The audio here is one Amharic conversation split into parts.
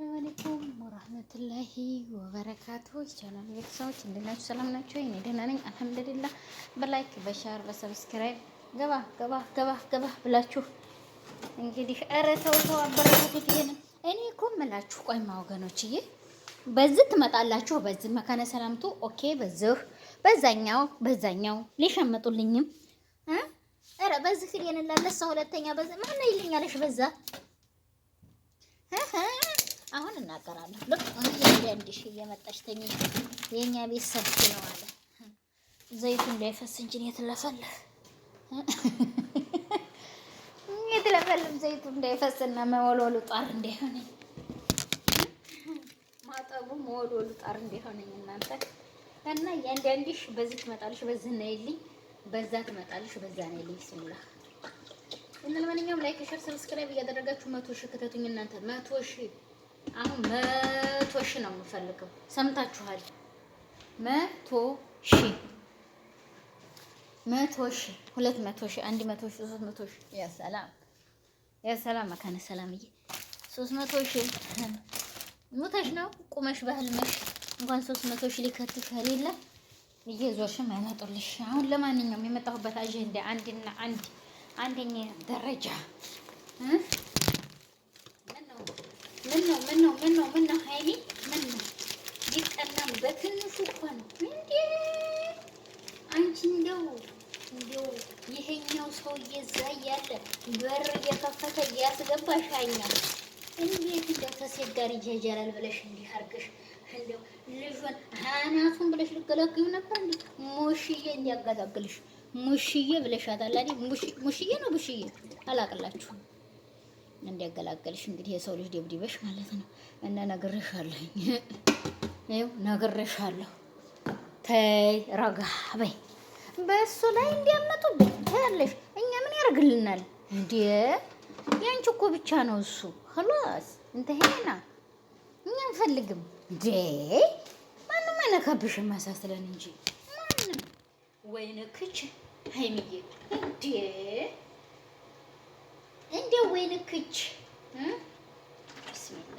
ሰላም አለይኩም ወራህመቱላሂ ወበረካቱ ቻናል ቤተሰቦች እንደምን ናችሁ? ሰላም ናችሁ? እኔ ደህና ነኝ አልሐምዱሊላህ። በላይክ በሻር በሰብስክራይብ ገባ ገባ ገባ ገባ ብላችሁ እንግዲህ ኧረ ተው ተው አበረታቱት። ይሄን እኔ እኮ እምላችሁ ቆይማ ወገኖችዬ፣ በዚህ ትመጣላችሁ፣ በዚህ መካነ ሰላምቱ ኦኬ፣ በዚህ በዛኛው በዛኛው ሊሸምጡልኝም ኧረ በዚህ ትልየንላለህ ሰው ሁለተኛ በዚህ ማነው ይልኛለሽ በዛ አሁን እናገራለሁ። ልክ አንድ ሺህ እየመጣች ተኝ የእኛ ቤት ሰፊ ነው አለ ዘይቱ እንዳይፈስ እንጂ የተለፈልፍ የተለፈልፍ ዘይቱ እንዳይፈስና መወልወሉ ጣር እንዳይሆነኝ ማጠቡ መወልወሉ ጣር እንዳይሆነኝ እናንተ እና እያንዳንድሽ በዚህ ትመጣልሽ፣ በዚህ ነይልኝ፣ በዛ ትመጣልሽ፣ በዛ ነይልኝ ስሙላ እና ለማንኛውም ላይክ፣ ሸር፣ ሰብስክራይብ እያደረጋችሁ መቶ ሺህ ከተቱኝ እናንተ መቶ ሺህ አሁን መቶ ሺ ነው የምፈልገው። ሰምታችኋል? መቶ ሺ መቶ ሺ ሁለት መቶ ሺ አንድ መቶ ሺ ሶስት መቶ ሺ ያሰላም ያሰላም መካነ ሰላምዬ ሶስት መቶ ሺ ሙተሽ ነው ቁመሽ ባህልመሽ እንኳን ሶስት መቶ ሺ ሊከትሽ ከሌለ እየዞርሽም አይመጡልሽ። አሁን ለማንኛውም የመጣሁበት አጀንዳ አንድና አንድ አንደኛ ደረጃ ምን ነው ምን ነው ምን ነው ምን ነው ሀይኒ ምን ነው ሊቀናም በትንሹ እኮ ነው እንዴ አንቺ እንደው እንደው ይሄኛው ሰው እየዛ እያለ በር እየከፈተ እያስገባሽ ሀይኛው እንዴት እንደው ተሴት ጋር ይጃጃላል ብለሽ እንዲህ አድርገሽ እንደው ልጁን አናቱን ብለሽ ልገላግዩ ነበር እንዴ ሙሽዬ እንዲያገላግልሽ ሙሽዬ ብለሻታል አይደል ሙሽዬ ነው ሙሽዬ አላቅላችሁም እንዲያገላገልሽ እንግዲህ የሰው ልጅ ደብድበሽ ማለት ነው። እና ነግሬሻለሁኝ፣ ይኸው ነግሬሻለሁ። ተይ ረጋ በይ። በእሱ ላይ እንዲያመጡ ታያለሽ። እኛ ምን ያደርግልናል እንዴ? ያንቺ እኮ ብቻ ነው እሱ ክላስ እንተሄና እኛ አንፈልግም እንዴ። ማንም አይነካብሽ ማሳስለን እንጂ ማንም ወይነ ክች ሀይሚዬ እንዴ እንደ ወይንክች ብስሚላ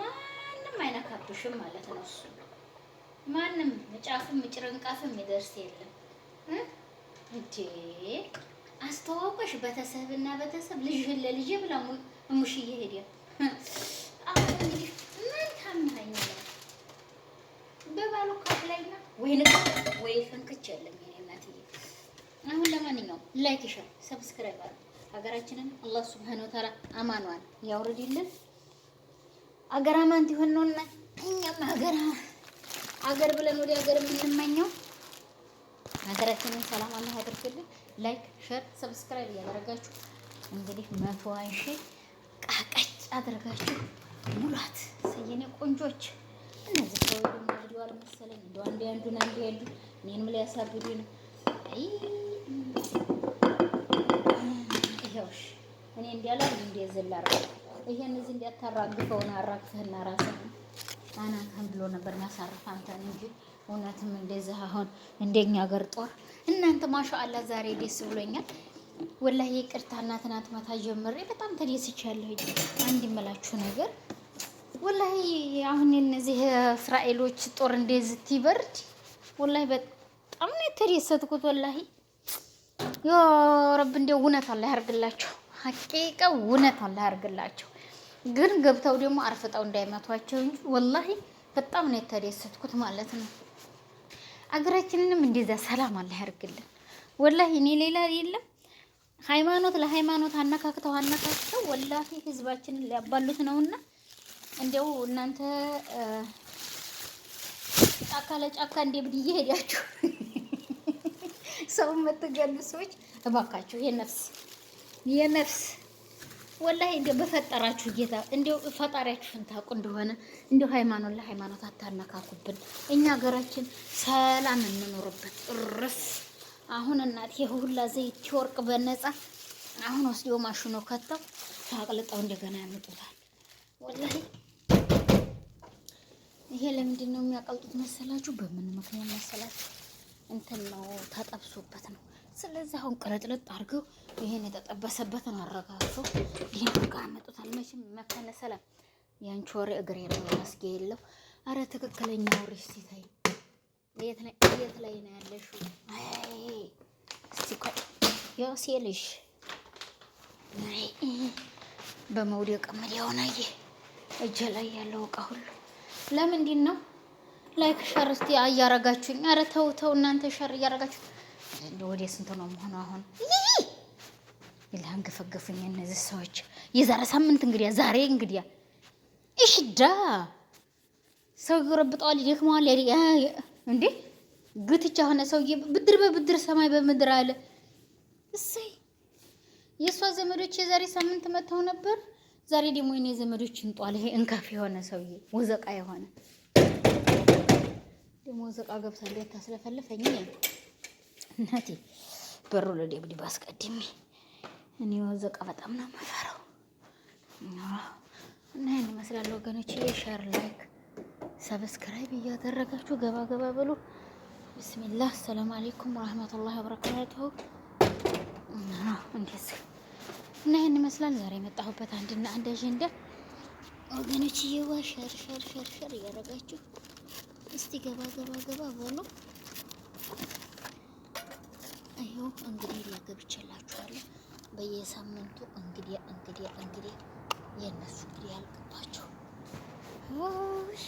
ማንም አይነካብሽም ማለት ነው። እሱ ማንም ጫፍም ጭርንቃፍም ይደርስ የለም እንዴ አስተዋውቀሽ በተሰብና በተሰብ ልጅህን ለልጄ ብላ ሙሽ ሄደ። አሁን እንግዲህ ምን ታምናኝ ነው በባሉ ወይን ወይ ፍንክች የለም የኔ እናትዬ። አሁን ለማንኛውም ላይክ፣ ሼር፣ ሰብስክራይብ አድርጉ። ሀገራችንን አላህ ሱብሃነሁ ወተዓላ አማኗን ያውርድልን። አገር አማን ነው እና እኛም ሀገር አገር ብለን ወደ ሀገር የምንመኘው ሀገራችንን ሰላም አላህ ያድርግልን። ላይክ፣ ሼር፣ ሰብስክራይብ እያደረጋችሁ እንግዲህ መቶ አይሺ ቃቀጭ አድርጋችሁ ሙላት ሰየኔ ቆንጆች። እነዚህ ሰው ደግሞ ቪዲዮ መሰለኝ እንደ አንዱ አንዱ አንዱ እኔንም ሊያሳብዱ ነው። ይኸውሽ እኔ እንዲያለ እንዴ ዘላራ ይሄን እዚህ እንዲያታራግፈውና አራግፈህና ራስህ አናትህን ብሎ ነበር ማሳረፍ አንተን እንጂ እውነትም እንደዚህ አሁን እንደኛ ገር ጦር እናንተ ማሻአላ ዛሬ ደስ ብሎኛል። ወላሂ ይቅርታ እና ትናንት ማታ ጀምሬ በጣም ተደስቻለሁ። አንድ የምላችሁ ነገር ወላሂ አሁን እነዚህ እስራኤሎች ጦር እንደዚህ ትበርድ ወላሂ በጣም ነው የተደሰትኩት ወላሂ ያረብ እንደው እውነት አለ ያርግላቸው። ሀቂቃ እውነት አላህ ያርግላቸው። ግን ገብተው ደግሞ አርፍጠው እንዳይመቷቸው እንጂ ወላሂ በጣም ነው የተደሰትኩት ማለት ነው። አገራችንንም እንደዛ ሰላም አለ ያርግልን። ወላሂ እኔ ሌላ የለም ሃይማኖት ለሃይማኖት አነካክተው አነካክተው ወላሂ ህዝባችንን ሊያባሉት ነውና እንደው እናንተ ጫካ ለጫካ እንደ ብድዬ ሄዳችሁ ሰው የምትገሉ ሰዎች እባካችሁ የነፍስ የነፍስ ወላሂ እንደው በፈጠራችሁ ጌታ እንደው ፈጣሪያችሁን ታውቁ እንደሆነ እንደው ሃይማኖት ለሃይማኖት አታነካኩብን። እኛ ሀገራችን ሰላም እንኖርበት እርስ አሁን እናት ሁላ ዘይት ወርቅ በነፃ አሁን ወስዶ ማሽኖ ከተው አቅልጠው እንደገና ያመጡታል። ወላሂ ይሄ ለምንድን ነው የሚያቀልጡት መሰላችሁ? በምን ምክንያት መሰላችሁ? እንትን ነው ተጠብሶበት ነው። ስለዚህ አሁን ቅልጥልጥ አድርገው ይሄን የተጠበሰበትን አረጋግቶ ይህን ጋ መጡታል። መቼም መካነ ሰላም ያንቺ ወሬ እግር የለው መስጌ የለው። አረ ትክክለኛ ወሬ ሲታይ የት ላይ ነው ያለ ያሴ ልሽ በመውደቅ ምን የሆነ እጄ ላይ ያለው እቃ ሁሉ ለምንድን ነው ላይክ ሸር እስቲ እያረጋችሁኝ። ኧረ ተው ተው እናንተ ሸር እያረጋችሁ እንደው ወደ ስንት ነው መሆኑ አሁን? ይላን ገፈገፉኝ እነዚህ ሰዎች። የዛሬ ሳምንት እንግዲያ ዛሬ እንግዲያ እሽዳ ሰው ይረብጠዋል፣ ይደክመዋል። እንዴ ግትቻ ሆነ ሰውዬ ብድር በብድር ሰማይ በምድር አለ። እሰይ የእሷ ዘመዶች የዛሬ ሳምንት መጥተው ነበር። ዛሬ ደግሞ የኔ ዘመዶች እንጧል። ይሄ እንካፍ የሆነ ሰውዬ ወዘቃ የሆነ ደግሞ ዘቃ ገብታ እንዴት ታስለፈለፈኝ እናቴ። በሩ ለደብድብ አስቀድሜ እኔ ወዘቃ በጣም ነው የምፈራው። እና ይህን ይመስላል ወገኖች። ሸር፣ ላይክ፣ ሰብስክራይብ እያደረጋችሁ ገባ ገባ ብሉ። ብስሚላህ አሰላሙ አሌይኩም ወረህመቱላሂ ወበረካቱሁ። እንዴት እና ይህን ይመስላል ዛሬ የመጣሁበት አንድና አንድ አጀንዳ ወገኖች። ይዋ ሸር ሸር ሸር ሸር እያደረጋችሁ እስቲ ገባ ገባ ገባ በሉ። ይኸው እንግዲህ ሊያገብችላችኋለሁ በየሳምንቱ እንግዲህ እንግዲህ እንግዲህ የእነሱ እንግዲህ ያልገባቸው ውይ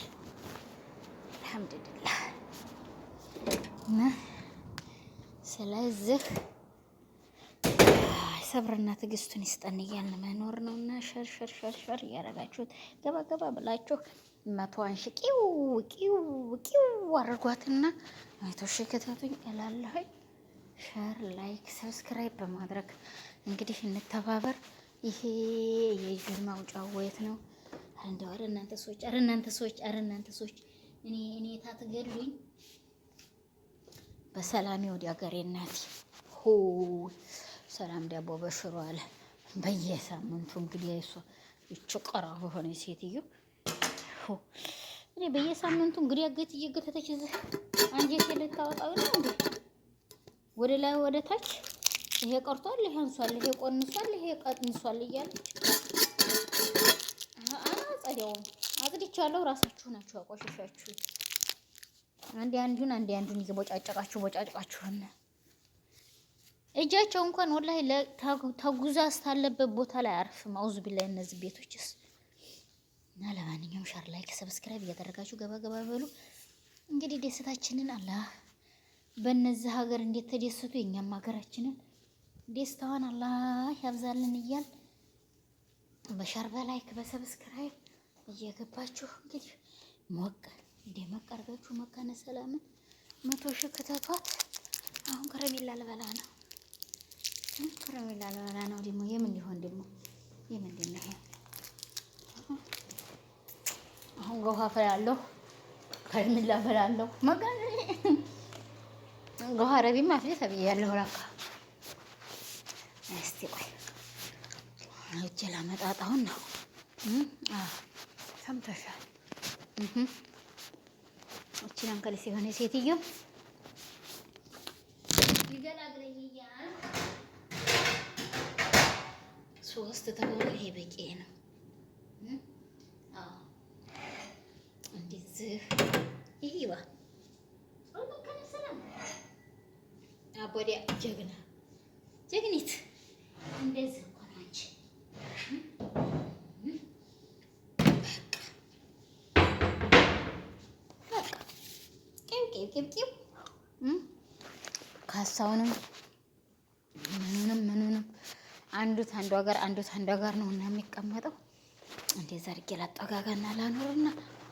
አልሐምዱሊላህ ስለዚህ ሰብርና ትዕግስቱን ይስጠን እያልን መኖር ነው እና ሸርሸርሸርሸር እያደረጋችሁት ገባ ገባ ብላችሁ መቷን ሽቂው ቂው ቂው አድርጓትና አይቶሽ ክተቱኝ እላለሁኝ። ሸር ላይክ ሰብስክራይብ በማድረግ እንግዲህ እንተባበር። ይሄ የጁን ማውጫው ወየት ነው? እንደው አረ እናንተ ሰዎች አረ እናንተ ሰዎች አረ እናንተ ሰዎች እኔ እኔ ታትገሉኝ። በሰላም ይውድ ሀገሬ እናት ሆ ሰላም ዳቦ በሽሮ አለ በየሳምንቱ እንግዲህ አይሶ ይችቀራ ሆነ ሴትዮ እኔ በየሳምንቱ እንግዲህ አገት እየገተተች እዚህ አንጀት ልታወጣው ነው እንዴ? ወደ ላይ ወደ ታች፣ ይሄ ቀርቷል፣ ይሄ አንሷል፣ ይሄ ቆንሷል፣ ይሄ ቀንሷል እያለች አጸደውም አጽድቻለሁ። ራሳችሁ ናችሁ አቆሸሻችሁት። አንዴ አንዱን አንዴ አንዱን እየቦጫጨቃችሁ ቦጫጨቃችሁና እጃቸው እንኳን ወላሂ ተጉዛ ስታለበት ቦታ ላይ አርፍም። አውዝ ቢላይ እነዚህ ቤቶችስ እና ለማንኛውም ሻር፣ ላይክ፣ ሰብስክራይብ እያደረጋችሁ ገባ ገባ በሉ። እንግዲህ ደስታችንን አላህ በእነዚህ ሀገር እንዴት ተደሰቱ የእኛም ሀገራችንን ደስታዋን አላህ ያብዛልን እያል በሻር በላይክ በሰብስክራይብ እየገባችሁ እንግዲህ ሞቅ እንደ መቀርጋችሁ መካነ ሰላምን መቶ ሺህ ክተቷት። አሁን ከረሜላ ልበላ ነው፣ ከረሜላ ልበላ ነው። ደግሞ የምን ሊሆን ደግሞ የምንድን ነው? ገውሃ ፈላለሁ ከልሚላ ፈላለሁ መጋ ገውሃ ረቢም አፍሌ ተብያለሁ። ራካ እስቲ ቆይ እጅ ላመጣጣሁን ነው። ሰምተሻል? እችን አንከልስ የሆነ ሴትዮ ሶስት ተሆነ ይሄ በቂ ነው። ቂብቂብ ካሳውንም ምኑንም ምኑንም አንዱት አንዷ ጋር አንዱት አንዷ ጋር ነው እና የሚቀመጠው። እንደዛ አድርጌ ላጠጋጋና ላኖርና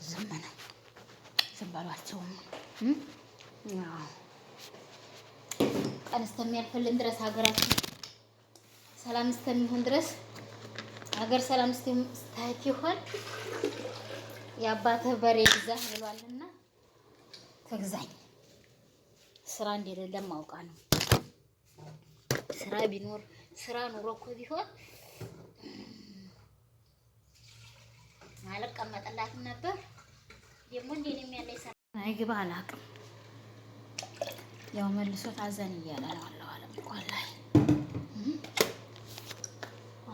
ዝም ነው ዝም ባሏቸውም ቀን እስከሚያልፍልን ድረስ ሀገራችን ሰላም እስከሚሆን ድረስ ሀገር ሰላም እስከሚሆን የአባትህ በሬ ይዛህ ብሏልና ተግዛኝ። ስራ እንደሌለም አውቃ ነው። ስራ ቢኖር ስራ ኑሮ እኮ ቢሆን አልቀመጥላትም ነበር። ደግሞ እንዴ ነው እንደኔም ያለ አይግባ አላውቅም። ያው መልሶ ታዘን እያለ ነው አለው አለም እንኳን ላይ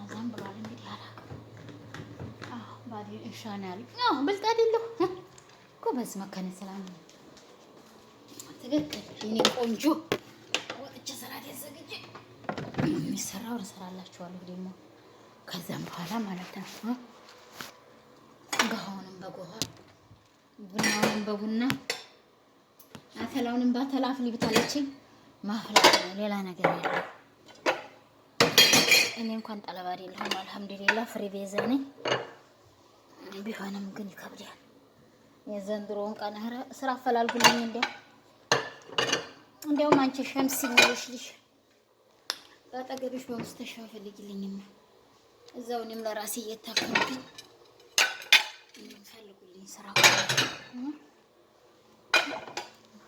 አዘን ብሏል። እንግዲህ አላውቅም። አዎ ባዲ ኢንሻአላህ ብልጣ አይደለሁ እኮ በዚህ መካነ ሰላም ነው ትክክል የእኔ ቆንጆ ወጥቼ ሰላት ያዘግጅ የሚሰራው እሰራላችኋለሁ ደግሞ ከዛም በኋላ ማለት ነው። ገሃውንም በገሃ ቡናውንም በቡና አተላውንም በአተላ አፍሊ ብታለችኝ ማፍላት ነው፣ ሌላ ነገር የለም። እኔ እንኳን ጠለብ አይደለሁም፣ አልሐምዱሊላህ ፍሪ ቤዛ ነኝ። ቢሆንም ግን ይከብዳል። የዘንድሮውን ቀን ስራ አፈላልጉልኝ እንዲያ እንዲያውም አንቺ ሸምስኝ ይሽልሽ በአጠገብሽ በውስተሻው ፈልግልኝና እዛው እኔም ለራሴ እየታከምኩኝ ፈልጉልኝ፣ ስራ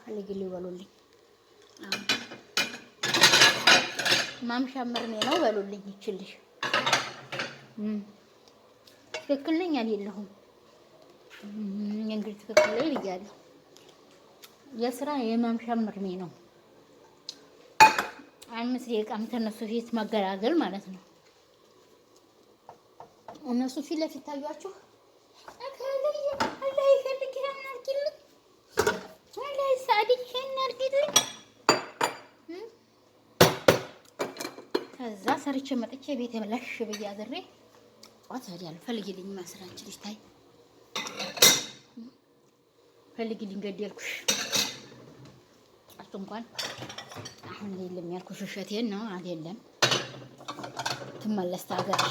ፈልግልኝ በሉልኝ። ማምሻ ምርሜ ነው በሉልኝ። ይችልሽ ትክክል ነኝ አልየለሁም። እንግዲህ ትክክል ላይ ብያለሁ። የስራ የማምሻ ምርሜ ነው። አምስት ደቂቃም ተነሱ ፊት መገላገል ማለት ነው። እነሱ ፊት ለፊት ታዩአችሁ ከዛ ሰርቼ መጥቼ ቤት የበላሽ ብዬ አድሬ ቋት ያለ ፈልጊልኝ ማስራንችልሽ ታይ ፈልግልኝ ገደልኩሽ። ውስጥ እንኳን አሁን የለም ያልኩሽ፣ ውሸቴን ነው አይደለም። ትመለስ ታገርሽ።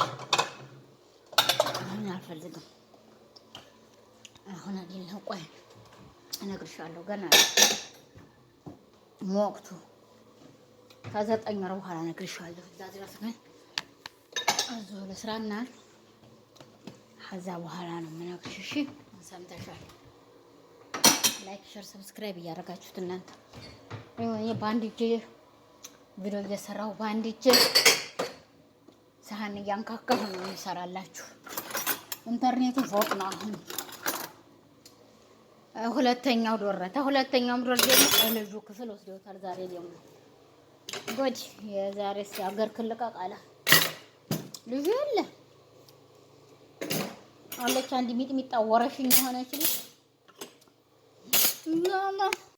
አሁን አልፈልግም። አሁን አይደለም። ቆይ እነግርሻለሁ። ገና ወቅቱ ከዘጠኝ ወር በኋላ እነግርሻለሁ። እዛ ድረስ ግን እዚሁ ልስራና ከዛ በኋላ ነው የምነግርሽ። እሺ ሰምተሻል? ላይክ፣ ሸር፣ ሰብስክራይብ እያደረጋችሁት እናንተ በአንድ እጄ ቪዲዮ እየሰራሁ በአንድ እጄ ሰሃን እያንካካሁ ነው የሚሰራላችሁ። ኢንተርኔቱ ፎቅ ነው። አሁን ሁለተኛው ዶረታ ሁለተኛውም ዶር ደግሞ ልጁ ክፍል ወስደውታል። ዛሬ ደግሞ ጎድ የዛሬ አገር ክልቃ ቃላ ልጁ የለ አለች አንድ ሚጥሚጣ ወረሽኝ የሆነች